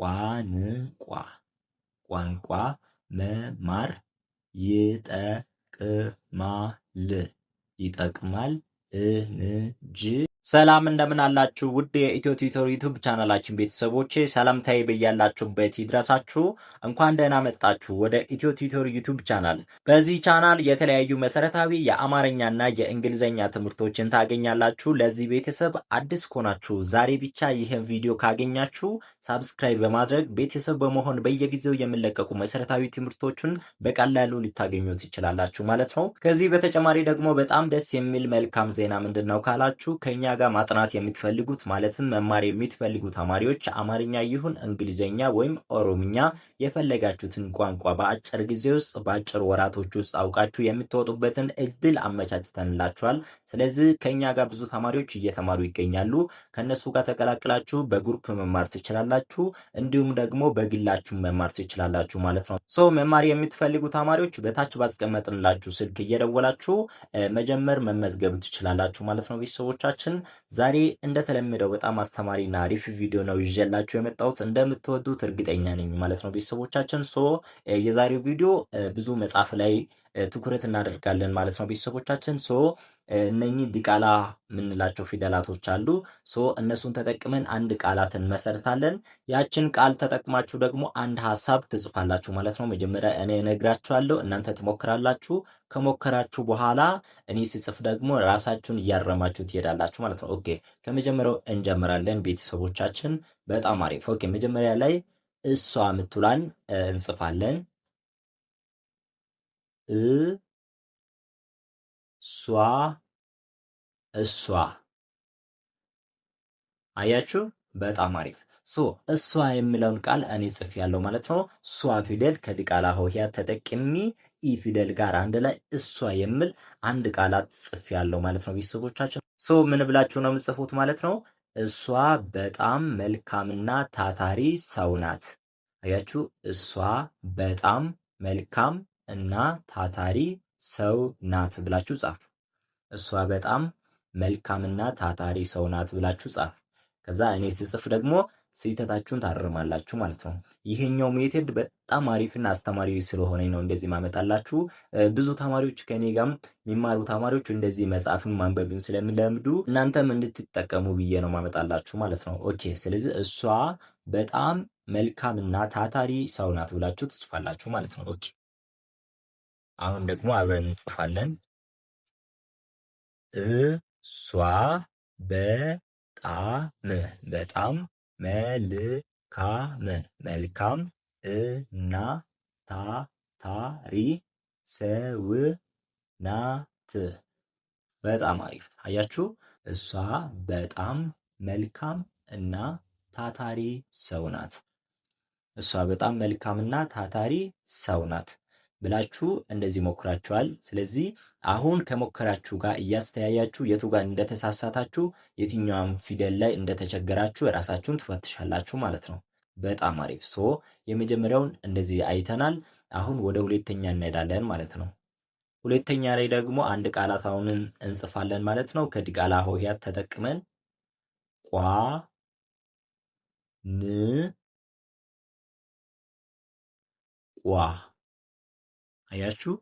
ቋንቋ ቋንቋ መማር ይጠቅማል ይጠቅማል እንጂ ሰላም እንደምን አላችሁ? ውድ የኢትዮ ቲዩተር ዩቱብ ቻናላችን ቤተሰቦቼ ሰላምታዬ በያላችሁበት ይድረሳችሁ። እንኳን ደህና መጣችሁ ወደ ኢትዮ ቲዩተር ዩቱብ ቻናል። በዚህ ቻናል የተለያዩ መሰረታዊ የአማርኛና የእንግሊዝኛ ትምህርቶችን ታገኛላችሁ። ለዚህ ቤተሰብ አዲስ ከሆናችሁ ዛሬ ብቻ ይህን ቪዲዮ ካገኛችሁ ሳብስክራይብ በማድረግ ቤተሰብ በመሆን በየጊዜው የሚለቀቁ መሰረታዊ ትምህርቶችን በቀላሉ ልታገኙ ትችላላችሁ ማለት ነው። ከዚህ በተጨማሪ ደግሞ በጣም ደስ የሚል መልካም ዜና ምንድን ነው ካላችሁ ከኛ ከኛ ጋር ማጥናት የምትፈልጉት ማለትም መማር የምትፈልጉ ተማሪዎች አማርኛ ይሁን እንግሊዝኛ ወይም ኦሮምኛ የፈለጋችሁትን ቋንቋ በአጭር ጊዜ ውስጥ በአጭር ወራቶች ውስጥ አውቃችሁ የምትወጡበትን እድል አመቻችተንላችኋል። ስለዚህ ከኛ ጋር ብዙ ተማሪዎች እየተማሩ ይገኛሉ። ከእነሱ ጋር ተቀላቅላችሁ በግሩፕ መማር ትችላላችሁ፣ እንዲሁም ደግሞ በግላችሁ መማር ትችላላችሁ ማለት ነው። ሶ መማር የምትፈልጉ ተማሪዎች በታች ባስቀመጥንላችሁ ስልክ እየደወላችሁ መጀመር መመዝገብ ትችላላችሁ ማለት ነው ቤተሰቦቻችን አልተለመደም። ዛሬ እንደተለመደው በጣም አስተማሪና አሪፍ ቪዲዮ ነው ይዤላችሁ የመጣሁት እንደምትወዱት እርግጠኛ ነኝ ማለት ነው ቤተሰቦቻችን። ሶ የዛሬው ቪዲዮ ብዙ መጽሐፍ ላይ ትኩረት እናደርጋለን ማለት ነው ቤተሰቦቻችን ሶ እነኚህ ዲቃላ የምንላቸው ፊደላቶች አሉ። ሶ እነሱን ተጠቅመን አንድ ቃላትን መሰርታለን። ያችን ቃል ተጠቅማችሁ ደግሞ አንድ ሀሳብ ትጽፋላችሁ ማለት ነው። መጀመሪያ እኔ እነግራችኋለሁ፣ እናንተ ትሞክራላችሁ። ከሞከራችሁ በኋላ እኔ ስጽፍ ደግሞ ራሳችሁን እያረማችሁ ትሄዳላችሁ ማለት ነው። ኦኬ፣ ከመጀመሪያው እንጀምራለን ቤተሰቦቻችን። በጣም አሪፍ። ኦኬ፣ መጀመሪያ ላይ እሷ ምትላን እንጽፋለን ሷ እሷ አያችሁ በጣም አሪፍ ሶ እሷ የሚለውን ቃል እኔ ጽፍ ያለው ማለት ነው ሷ ፊደል ከዲቃላ ሆሄያት ተጠቅሚ ኢ ፊደል ጋር አንድ ላይ እሷ የሚል አንድ ቃላት ጽፍ ያለው ማለት ነው ቤተሰቦቻችን ሶ ምን ብላችሁ ነው የምጽፉት ማለት ነው እሷ በጣም መልካምና ታታሪ ሰው ናት አያችሁ እሷ በጣም መልካም እና ታታሪ ሰው ናት ብላችሁ ጻፉ። እሷ በጣም መልካምና ታታሪ ሰው ናት ብላችሁ ጻፉ። ከዛ እኔ ስጽፍ ደግሞ ስህተታችሁን ታርማላችሁ ማለት ነው። ይሄኛው ሜቴድ በጣም አሪፍና አስተማሪ ስለሆነኝ ነው እንደዚህ ማመጣላችሁ። ብዙ ተማሪዎች ከኔ ጋር የሚማሩ ተማሪዎች እንደዚህ መጽሐፍን ማንበብን ስለምለምዱ እናንተም እንድትጠቀሙ ብዬ ነው ማመጣላችሁ ማለት ነው። ኦኬ። ስለዚህ እሷ በጣም መልካምና ታታሪ ሰው ናት ብላችሁ ትጽፋላችሁ ማለት ነው። ኦኬ አሁን ደግሞ አብረን እንጽፋለን። እሷ በጣም በጣም መልካም መልካም እና ታታሪ ሰው ናት። በጣም አሪፍ አያችሁ። እሷ በጣም መልካም እና ታታሪ ሰው ናት። እሷ በጣም መልካም እና ታታሪ ሰው ናት። ብላችሁ እንደዚህ ሞክራችኋል። ስለዚህ አሁን ከሞከራችሁ ጋር እያስተያያችሁ የቱ ጋር እንደተሳሳታችሁ፣ የትኛውም ፊደል ላይ እንደተቸገራችሁ ራሳችሁን ትፈትሻላችሁ ማለት ነው። በጣም አሪፍ። ሶ የመጀመሪያውን እንደዚህ አይተናል። አሁን ወደ ሁለተኛ እንሄዳለን ማለት ነው። ሁለተኛ ላይ ደግሞ አንድ ቃላት አሁንን እንጽፋለን ማለት ነው። ከድቃላ ሆሄያት ተጠቅመን ቋ ን ቋ አያችሁ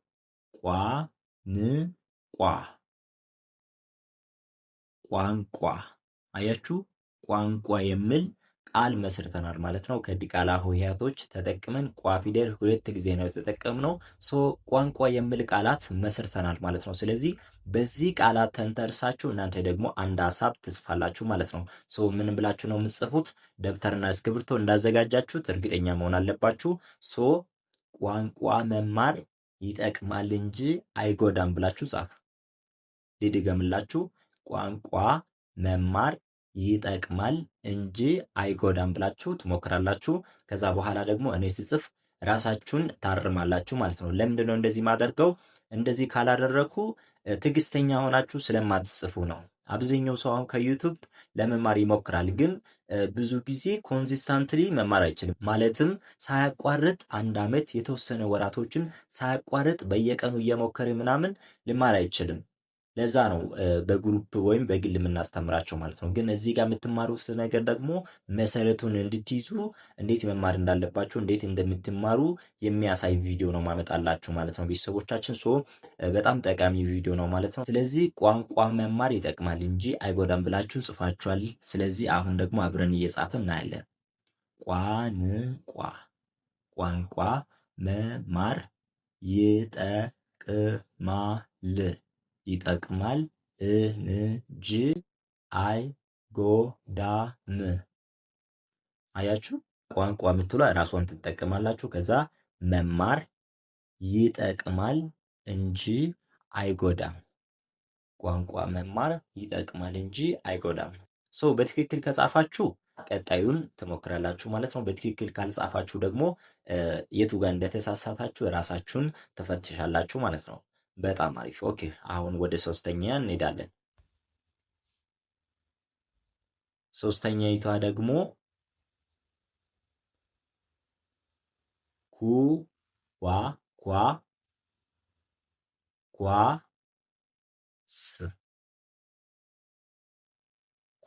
ቋ ቋንቋ አያችሁ ቋንቋ የሚል ቃል መስርተናል ማለት ነው። ከዲቃላ ሆሄያቶች ተጠቅመን ቋ ፊደል ሁለት ጊዜ ነው የተጠቀምነው። ሶ ቋንቋ የሚል ቃላት መስርተናል ማለት ነው። ስለዚህ በዚህ ቃላት ተንተርሳችሁ እናንተ ደግሞ አንድ ሀሳብ ትጽፋላችሁ ማለት ነው። ሶ ምን ብላችሁ ነው የምጽፉት ደብተርና እስክሪብቶ እንዳዘጋጃችሁት እርግጠኛ መሆን አለባችሁ። ሶ ቋንቋ መማር ይጠቅማል እንጂ አይጎዳም ብላችሁ ጻፉ። ልድገምላችሁ። ቋንቋ መማር ይጠቅማል እንጂ አይጎዳም ብላችሁ ትሞክራላችሁ። ከዛ በኋላ ደግሞ እኔ ስጽፍ ራሳችሁን ታርማላችሁ ማለት ነው። ለምንድን ነው እንደዚህ ማደርገው? እንደዚህ ካላደረኩ ትዕግስተኛ ሆናችሁ ስለማትጽፉ ነው። አብዛኛው ሰው አሁን ከዩቱብ ለመማር ይሞክራል፣ ግን ብዙ ጊዜ ኮንዚስታንትሊ መማር አይችልም። ማለትም ሳያቋርጥ አንድ ዓመት የተወሰነ ወራቶችን ሳያቋርጥ በየቀኑ እየሞከረ ምናምን ልማር አይችልም። ለዛ ነው በግሩፕ ወይም በግል የምናስተምራቸው ማለት ነው። ግን እዚህ ጋር የምትማሩት ነገር ደግሞ መሰረቱን እንድትይዙ እንዴት መማር እንዳለባቸው እንዴት እንደምትማሩ የሚያሳይ ቪዲዮ ነው ማመጣላችሁ ማለት ነው። ቤተሰቦቻችን ሶ በጣም ጠቃሚ ቪዲዮ ነው ማለት ነው። ስለዚህ ቋንቋ መማር ይጠቅማል እንጂ አይጎዳም ብላችሁ ጽፋችኋል። ስለዚህ አሁን ደግሞ አብረን እየጻፈ እናያለን። ቋንቋ ቋንቋ መማር ይጠቅማል ይጠቅማል እንጂ አይጎዳም። አያችሁ ቋንቋ የምትሏ ራሷን ትጠቀማላችሁ። ከዛ መማር ይጠቅማል እንጂ አይጎዳም። ቋንቋ መማር ይጠቅማል እንጂ አይጎዳም። ሰው በትክክል ከጻፋችሁ ቀጣዩን ትሞክራላችሁ ማለት ነው። በትክክል ካልጻፋችሁ ደግሞ የቱ ጋር እንደተሳሳታችሁ ራሳችሁን ትፈትሻላችሁ ማለት ነው። በጣም አሪፍ ኦኬ። አሁን ወደ ሶስተኛ እንሄዳለን። ሶስተኛ ይቷ ደግሞ ኩ ኳ ኳ ኳ ስ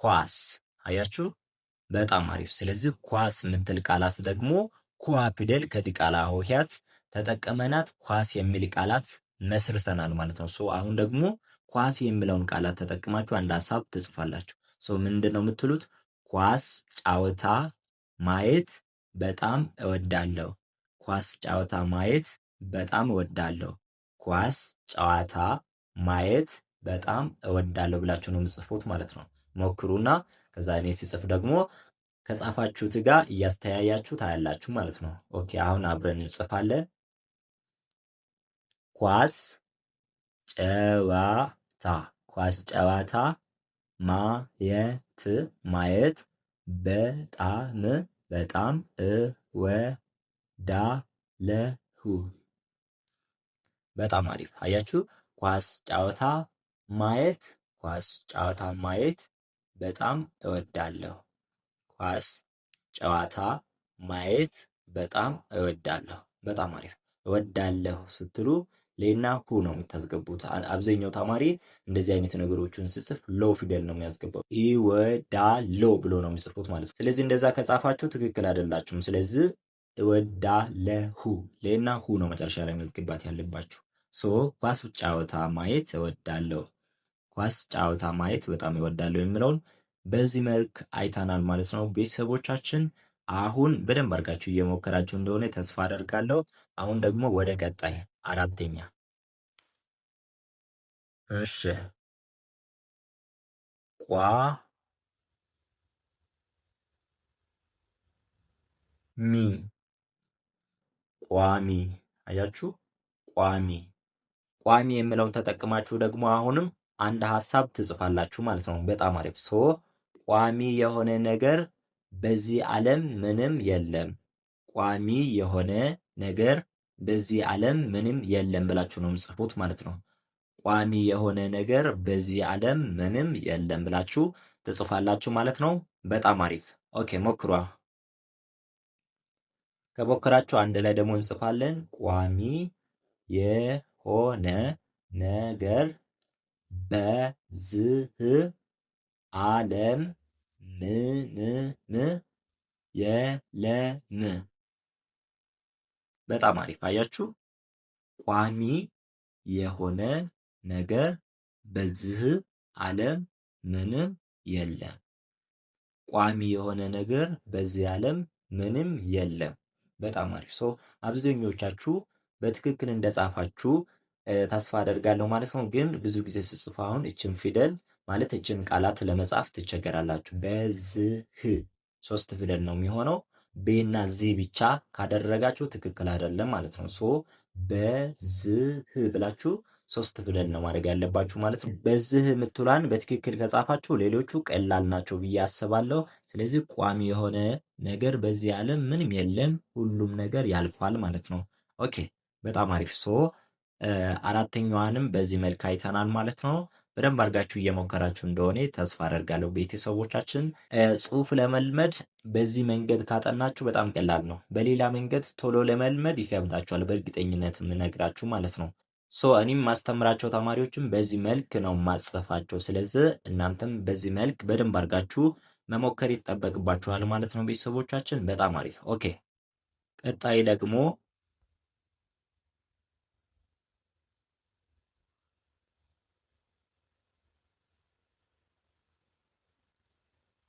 ኳስ። አያችሁ በጣም አሪፍ። ስለዚህ ኳስ የምትል ቃላት ደግሞ ኳ ፊደል ከዲቃላ ሆሄያት ተጠቀመናት ኳስ የሚል ቃላት መስርተናል ማለት ነው። አሁን ደግሞ ኳስ የሚለውን ቃላት ተጠቅማችሁ አንድ ሀሳብ ትጽፋላችሁ። ምንድን ነው የምትሉት? ኳስ ጨዋታ ማየት በጣም እወዳለሁ። ኳስ ጨዋታ ማየት በጣም እወዳለሁ። ኳስ ጨዋታ ማየት በጣም እወዳለሁ ብላችሁ ነው የምጽፉት ማለት ነው። ሞክሩና ከዛ እኔ ሲጽፍ ደግሞ ከጻፋችሁት ጋር እያስተያያችሁ ታያላችሁ ማለት ነው። ኦኬ አሁን አብረን እንጽፋለን። ኳስ ጨዋታ ኳስ ጨዋታ ማየት ማየት በጣም በጣም እወዳለሁ። በጣም አሪፍ አያችሁ። ኳስ ጨዋታ ማየት ኳስ ጨዋታ ማየት በጣም እወዳለሁ። ኳስ ጨዋታ ማየት በጣም እወዳለሁ። በጣም አሪፍ እወዳለሁ ስትሉ ሌና ሁ ነው የምታስገቡት። አብዛኛው ተማሪ እንደዚህ አይነት ነገሮችን ስጽፍ ሎ ፊደል ነው የሚያስገባው። ይወዳሎ ብሎ ነው የሚጽፉት ማለት ነው። ስለዚህ እንደዛ ከጻፋችሁ ትክክል አይደላችሁም። ስለዚህ እወዳለሁ ሌና ሁ ነው መጨረሻ ላይ መዝግባት ያለባችሁ። ሶ ኳስ ጫወታ ማየት እወዳለሁ፣ ኳስ ጫወታ ማየት በጣም እወዳለሁ የሚለውን በዚህ መልክ አይታናል ማለት ነው። ቤተሰቦቻችን አሁን በደንብ አድርጋችሁ እየሞከራችሁ እንደሆነ ተስፋ አደርጋለሁ። አሁን ደግሞ ወደ ቀጣይ አራተኛ እሺ ቋ ሚ ቋሚ አያችሁ፣ ቋሚ ቋሚ የምለውን ተጠቅማችሁ ደግሞ አሁንም አንድ ሀሳብ ትጽፋላችሁ ማለት ነው። በጣም አሪፍ ሶ ቋሚ የሆነ ነገር በዚህ ዓለም ምንም የለም። ቋሚ የሆነ ነገር በዚህ ዓለም ምንም የለም ብላችሁ ነው የምጽፉት ማለት ነው። ቋሚ የሆነ ነገር በዚህ ዓለም ምንም የለም ብላችሁ ትጽፋላችሁ ማለት ነው። በጣም አሪፍ። ኦኬ ሞክሯ። ከሞከራችሁ አንድ ላይ ደግሞ እንጽፋለን። ቋሚ የሆነ ነገር በዝህ ዓለም ምንም የለም በጣም አሪፍ አያችሁ። ቋሚ የሆነ ነገር በዚህ ዓለም ምንም የለም። ቋሚ የሆነ ነገር በዚህ ዓለም ምንም የለም። በጣም አሪፍ ሰው። አብዛኞቻችሁ በትክክል እንደጻፋችሁ ተስፋ አደርጋለሁ ማለት ነው። ግን ብዙ ጊዜ ስጽፉ አሁን እችን ፊደል ማለት እችን ቃላት ለመጻፍ ትቸገራላችሁ። በዝህ ሶስት ፊደል ነው የሚሆነው ቤና ዚ ብቻ ካደረጋችሁ ትክክል አይደለም ማለት ነው። ሶ በዝህ ብላችሁ ሶስት ብለን ነው ማድረግ ያለባችሁ ማለት ነው። በዝህ የምትሏን በትክክል ከጻፋችሁ ሌሎቹ ቀላል ናቸው ብዬ አስባለሁ። ስለዚህ ቋሚ የሆነ ነገር በዚህ ዓለም ምንም የለም፣ ሁሉም ነገር ያልፋል ማለት ነው። ኦኬ በጣም አሪፍ ሶ አራተኛዋንም በዚህ መልክ አይተናል ማለት ነው። በደንብ አድርጋችሁ እየሞከራችሁ እንደሆነ ተስፋ አደርጋለሁ። ቤተሰቦቻችን ጽሁፍ ለመልመድ በዚህ መንገድ ካጠናችሁ በጣም ቀላል ነው። በሌላ መንገድ ቶሎ ለመልመድ ይከብዳችኋል። በእርግጠኝነት የምነግራችሁ ማለት ነው። ሶ እኔም ማስተምራቸው ተማሪዎችም በዚህ መልክ ነው ማጽፋቸው። ስለዚህ እናንተም በዚህ መልክ በደንብ አድርጋችሁ መሞከር ይጠበቅባችኋል ማለት ነው። ቤተሰቦቻችን በጣም አሪፍ ኦኬ። ቀጣይ ደግሞ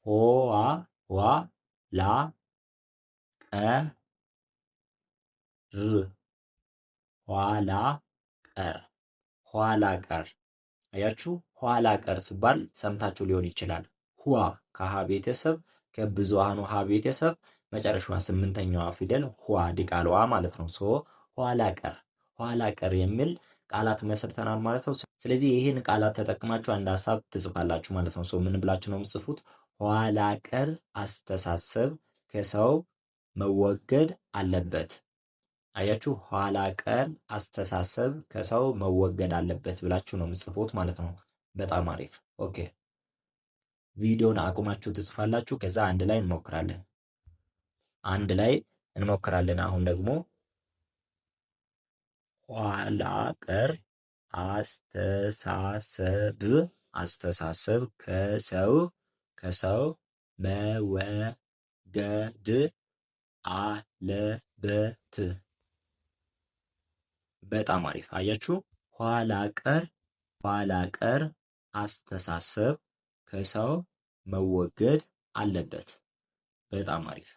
ሆዋ ዋ ላ ቀ ር ኋላ ቀር ኋላ ቀር። አያችሁ ኋላ ቀር ሲባል ሰምታችሁ ሊሆን ይችላል። ሁዋ ከሀ ቤተሰብ ከብዙሃኑ ሀ ቤተሰብ መጨረሻዋ ስምንተኛዋ ፊደል ሁዋ ዲቃላዋ ማለት ነው። ሶ ኋላ ቀር ኋላ ቀር የሚል ቃላት መስርተናል ማለት ነው። ስለዚህ ይህን ቃላት ተጠቅማችሁ አንድ ሀሳብ ትጽፋላችሁ ማለት ነው። ሶ ምን ብላችሁ ነው የምጽፉት? ኋላ ቀር አስተሳሰብ ከሰው መወገድ አለበት። አያችሁ፣ ኋላ ቀር አስተሳሰብ ከሰው መወገድ አለበት ብላችሁ ነው የምጽፉት ማለት ነው። በጣም አሪፍ። ኦኬ፣ ቪዲዮን አቁማችሁ ትጽፋላችሁ። ከዛ አንድ ላይ እንሞክራለን። አንድ ላይ እንሞክራለን። አሁን ደግሞ ኋላ ቀር አስተሳሰብ አስተሳሰብ ከሰው ከሰው መወገድ አለበት። በጣም አሪፍ አያችሁ። ኋላ ቀር ኋላ ቀር አስተሳሰብ ከሰው መወገድ አለበት። በጣም አሪፍ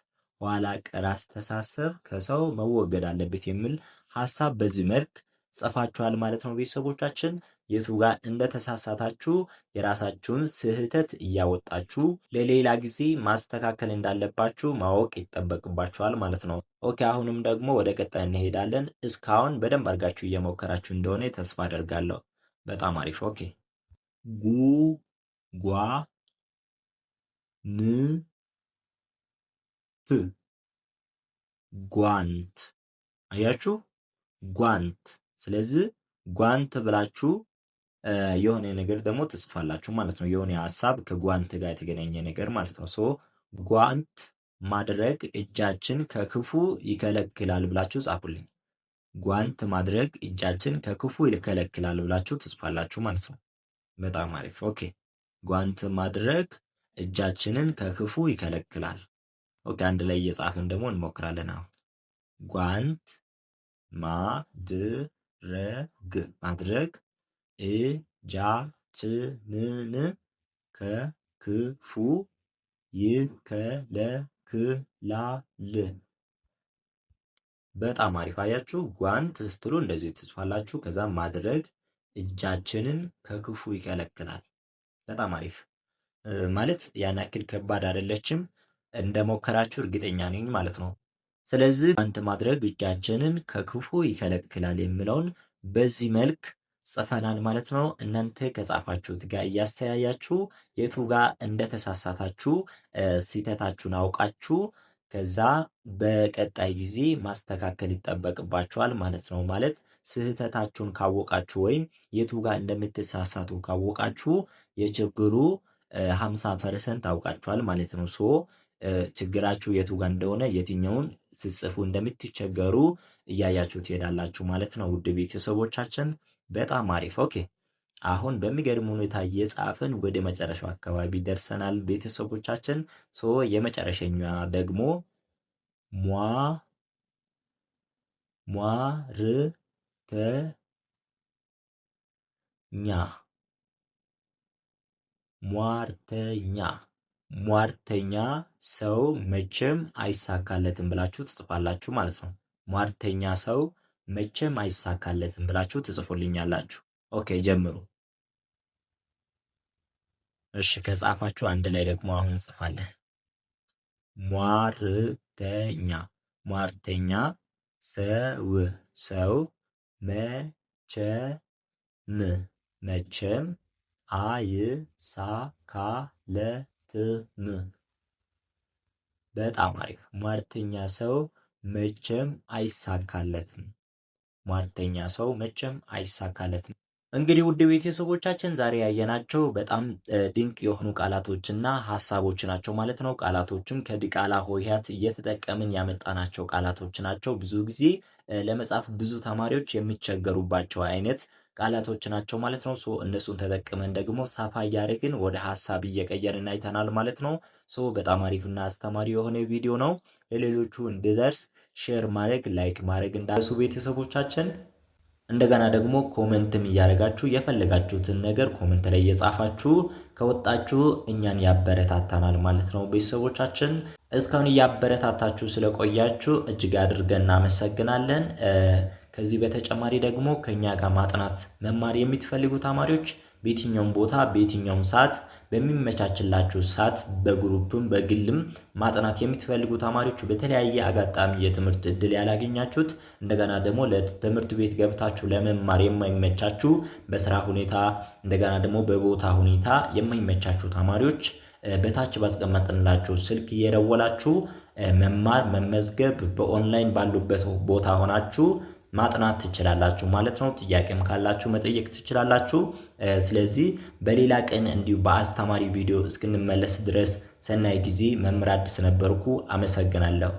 ኋላ ቀር አስተሳሰብ ከሰው መወገድ አለበት የሚል ሀሳብ በዚህ መልክ ጽፋችኋል ማለት ነው ቤተሰቦቻችን። የቱ ጋር እንደተሳሳታችሁ የራሳችሁን ስህተት እያወጣችሁ ለሌላ ጊዜ ማስተካከል እንዳለባችሁ ማወቅ ይጠበቅባችኋል ማለት ነው። ኦኬ፣ አሁንም ደግሞ ወደ ቀጣይ እንሄዳለን። እስካሁን በደንብ አድርጋችሁ እየሞከራችሁ እንደሆነ ተስፋ አደርጋለሁ። በጣም አሪፍ። ኦኬ፣ ጉ ጓ ን ት ጓንት። አያችሁ ጓንት። ስለዚህ ጓንት ብላችሁ የሆነ ነገር ደግሞ ትጽፋላችሁ ማለት ነው። የሆነ ሀሳብ ከጓንት ጋር የተገናኘ ነገር ማለት ነው። ሶ ጓንት ማድረግ እጃችን ከክፉ ይከለክላል ብላችሁ ጻፉልኝ። ጓንት ማድረግ እጃችን ከክፉ ይከለክላል ብላችሁ ትጽፋላችሁ ማለት ነው። በጣም አሪፍ ኦኬ። ጓንት ማድረግ እጃችንን ከክፉ ይከለክላል። ኦኬ፣ አንድ ላይ እየጻፍን ደግሞ እንሞክራለን። አሁን ጓንት ማድረግ ማድረግ እጃችንን ከክፉ ይከለክላል። በጣም አሪፍ አያችሁ። ጓንት ስትሉ እንደዚህ ትጽፋላችሁ። ከዛም ማድረግ እጃችንን ከክፉ ይከለክላል። በጣም አሪፍ ማለት ያን ያክል ከባድ አይደለችም። እንደሞከራችሁ እርግጠኛ ነኝ ማለት ነው። ስለዚህ ጓንት ማድረግ እጃችንን ከክፉ ይከለክላል የሚለውን በዚህ መልክ ጽፈናል ማለት ነው። እናንተ ከጻፋችሁት ጋር እያስተያያችሁ የቱ ጋር እንደተሳሳታችሁ ስህተታችሁን አውቃችሁ ከዛ በቀጣይ ጊዜ ማስተካከል ይጠበቅባችኋል ማለት ነው። ማለት ስህተታችሁን ካወቃችሁ ወይም የቱ ጋር እንደምትሳሳቱ ካወቃችሁ የችግሩ ሀምሳ ፐርሰንት አውቃችኋል ማለት ነው። ሶ ችግራችሁ የቱ ጋር እንደሆነ የትኛውን ስጽፉ እንደምትቸገሩ እያያችሁ ትሄዳላችሁ ማለት ነው። ውድ ቤተሰቦቻችን በጣም አሪፍ ኦኬ። አሁን በሚገርም ሁኔታ እየጻፍን ወደ መጨረሻው አካባቢ ደርሰናል ቤተሰቦቻችን። ሶ የመጨረሻኛ ደግሞ ሟ ሟርተኛ ሟርተኛ ሟርተኛ ሰው መቼም አይሳካለትም ብላችሁ ትጽፋላችሁ ማለት ነው። ሟርተኛ ሰው መቼም አይሳካለትም ብላችሁ ትጽፉልኛላችሁ። ኦኬ ጀምሩ። እሺ ከጻፋችሁ አንድ ላይ ደግሞ አሁን እንጽፋለን። ሟርተኛ ሟርተኛ ሰው ሰው መቼም መቼም አይሳካለትም። በጣም አሪፍ። ሟርተኛ ሰው መቼም አይሳካለትም። ሟርተኛ ሰው መቼም አይሳካለትም። እንግዲህ ውድ ቤተሰቦቻችን ዛሬ ያየናቸው በጣም ድንቅ የሆኑ ቃላቶችና ሀሳቦች ናቸው ማለት ነው። ቃላቶችም ከዲቃላ ሆሄያት እየተጠቀምን ያመጣናቸው ቃላቶች ናቸው። ብዙ ጊዜ ለመጻፍ ብዙ ተማሪዎች የሚቸገሩባቸው አይነት ቃላቶች ናቸው ማለት ነው። ሶ እነሱን ተጠቅመን ደግሞ ሰፋ እያደረግን ወደ ሀሳብ እየቀየርን አይተናል ማለት ነው። ሶ በጣም አሪፍና አስተማሪ የሆነ ቪዲዮ ነው። ለሌሎቹ እንዲደርስ ሼር ማድረግ ላይክ ማድረግ እንዳሱ ቤተሰቦቻችን እንደገና ደግሞ ኮመንትም እያደረጋችሁ የፈለጋችሁትን ነገር ኮመንት ላይ እየጻፋችሁ ከወጣችሁ እኛን ያበረታታናል ማለት ነው። ቤተሰቦቻችን እስካሁን እያበረታታችሁ ስለቆያችሁ እጅግ አድርገን እናመሰግናለን። ከዚህ በተጨማሪ ደግሞ ከእኛ ጋር ማጥናት መማር የሚትፈልጉ ተማሪዎች በየትኛውም ቦታ በየትኛውም ሰዓት በሚመቻችላችሁ ሰዓት በግሩፕም በግልም ማጥናት የምትፈልጉ ተማሪዎች በተለያየ አጋጣሚ የትምህርት እድል ያላገኛችሁት እንደገና ደግሞ ለትምህርት ቤት ገብታችሁ ለመማር የማይመቻችሁ በስራ ሁኔታ እንደገና ደግሞ በቦታ ሁኔታ የማይመቻችሁ ተማሪዎች በታች ባስቀመጥንላችሁ ስልክ እየደወላችሁ መማር መመዝገብ በኦንላይን ባሉበት ቦታ ሆናችሁ ማጥናት ትችላላችሁ ማለት ነው። ጥያቄም ካላችሁ መጠየቅ ትችላላችሁ። ስለዚህ በሌላ ቀን እንዲሁ በአስተማሪ ቪዲዮ እስክንመለስ ድረስ ሰናይ ጊዜ። መምህር አዲስ ነበርኩ። አመሰግናለሁ።